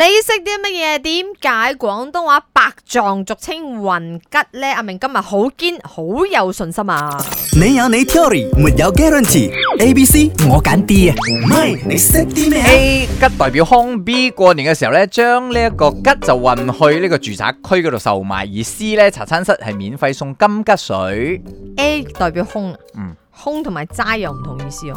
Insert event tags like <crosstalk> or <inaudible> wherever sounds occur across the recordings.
你識啲乜嘢？點解廣東話白撞俗稱運吉呢？阿明今日好堅，好有信心啊！你有你 theory，沒有 guarantee。A、B、C 我揀 D 啊！唔係你識啲咩？A 吉代表空。B 過年嘅時候呢，將呢一個吉就運去呢個住宅區嗰度售賣，而 C 呢，茶餐室係免費送金吉水。A 代表空。嗯，空齋同埋齋又唔同意思哦。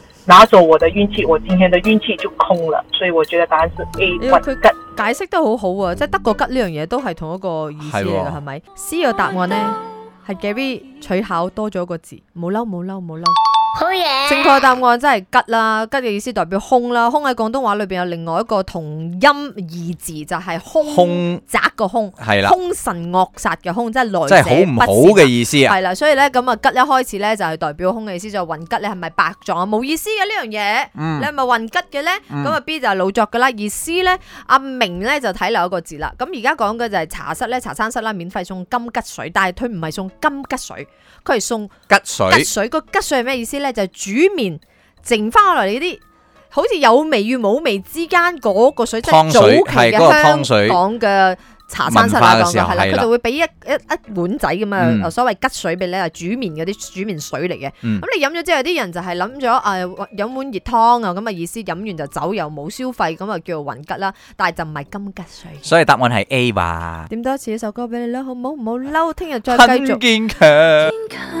拿走我的運氣，我今天的運氣就空了，所以我覺得答案是 A。因為佢吉解釋得好好啊，嗯、即係得個吉呢樣嘢都係同一個意思嚟嘅，係咪吧？C 個答案呢係 Gary 取巧多咗個字，冇嬲冇嬲冇嬲。 <noise> 好嘢，正確答案真係吉啦，吉嘅意思代表空啦，空喺廣東話裏邊有另外一個同音二字就係凶，嗰個凶係啦，凶神惡煞嘅凶，即係來者不善嘅意思啊，係啦，所以咧咁啊吉一開始咧就係代表空嘅意思，就係運吉你係咪白撞啊？冇意思嘅呢樣嘢，你係咪運吉嘅咧？咁啊 B 就係老作噶啦，而 C 咧阿明咧就睇漏一個字啦。咁而家講嘅就係茶室咧，茶餐室啦，免費送金吉水，但係佢唔係送金吉水，佢係送吉水，吉水個吉水係咩意思？咧就煮麵剩翻落嚟呢啲，好似有味與冇味之間嗰個水，水即係早期嘅香港嘅、那個、茶餐廳啦，係啦，佢的就會俾一一一碗仔咁啊，嗯、所謂吉水俾你啊，煮麵嗰啲煮麵水嚟嘅。咁、嗯、你飲咗之後，啲人就係諗咗誒，飲、哎、碗熱湯啊，咁啊意思飲完就走又冇消費，咁啊叫做運吉啦。但係就唔係金吉水。所以答案係 A 話。點多次一首歌俾你啦，好唔好？唔好嬲，聽日再繼續。